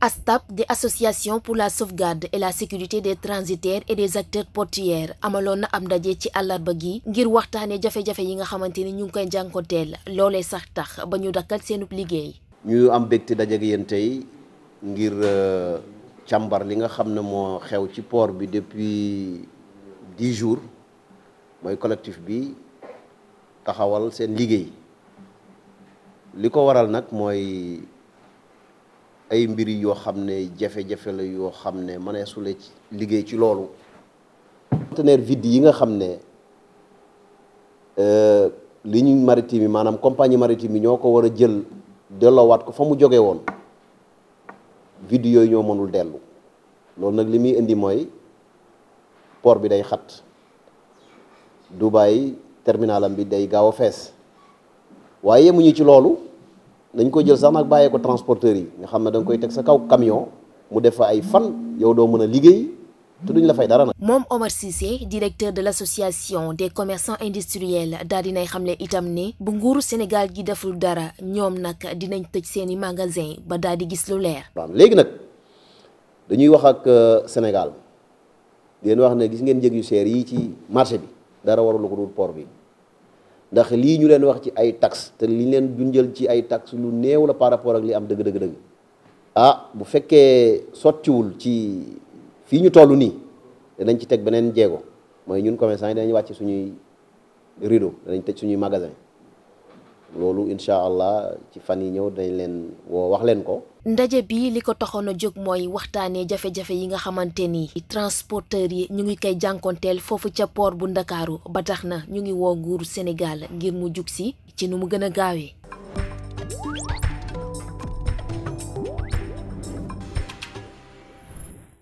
ASTAP di association pour la sauvegarde et la sécurité des transitaires et des acteurs portuaires amaloon na am ndaje ci àllarba gi ngir waxtaanee jafe-jafe yi nga xamante ni ñu ngi koy jànkoonteel loole sax tax ba ñu dakkal seenub liggéey. ñu am bégte daje ak yéen tey ngir euh, càmbar li nga xam ne moo xew ci poor bi depuis dix jours mooy collectif bi taxawal seen liggéey li ko waral nag mooy ay mbir yoo xam ne jafe-jafe la yoo xam ne mëneesu ci liggéey ci loolu conteneur vide yi nga xam ne euh, ligne maritime yi maanaam compagnie maritime yi ñoo ko war a jël delloowaat ko fa mu joge woon vide yooyu ñoo mënul dellu loolu nag li muy indi mooy port bi day xat Dubaï terminalam bi day gaaw a fees waaye yemuñu ci loolu dañ ko jël sax nag bàyyee ko transporteur yi nga xam ne da koy teg sa kaw camion mu def fa ay fan yow doo mën a liggéey te duñ la fay dara nag. moom Omar Cissé directeur de l' association des commerçants industriels daal dinay xamle itam ne bu nguuru Sénégal gi deful dara ñoom nag dinañ tëj seen i magasin ba daal di gis lu leer. waaw léegi nag dañuy wax ak euh, Sénégal di leen wax ne gis ngeen njëg yu seer yi ci marché bi. dara warul ko dul port bi ndax lii ñu leen wax ci ay taxes te li ñu leen junjal ci ay taxes lu néew la par rapport ak li am dëgg dëgg dëgg ah bu fekkee sottiwul ci fii ñu toll nii danañ ci teg beneen jéego mooy ñun commerçant yi danañ wàcc suñuy rideau danañ tëj suñuy magasin loolu incha allah ci fan yi ñëw dañ leen woo wax leen ko. ndaje bi li ko taxoon a jóg mooy waxtaanee jafe-jafe yi nga xamante ni transporteur yi ñu ngi koy jànkonteel foofu ca poor bu ndakaaru ba tax na ñu ngi woo nguuru Sénégal ngir mu jug si ci nu mu gën a gaawee.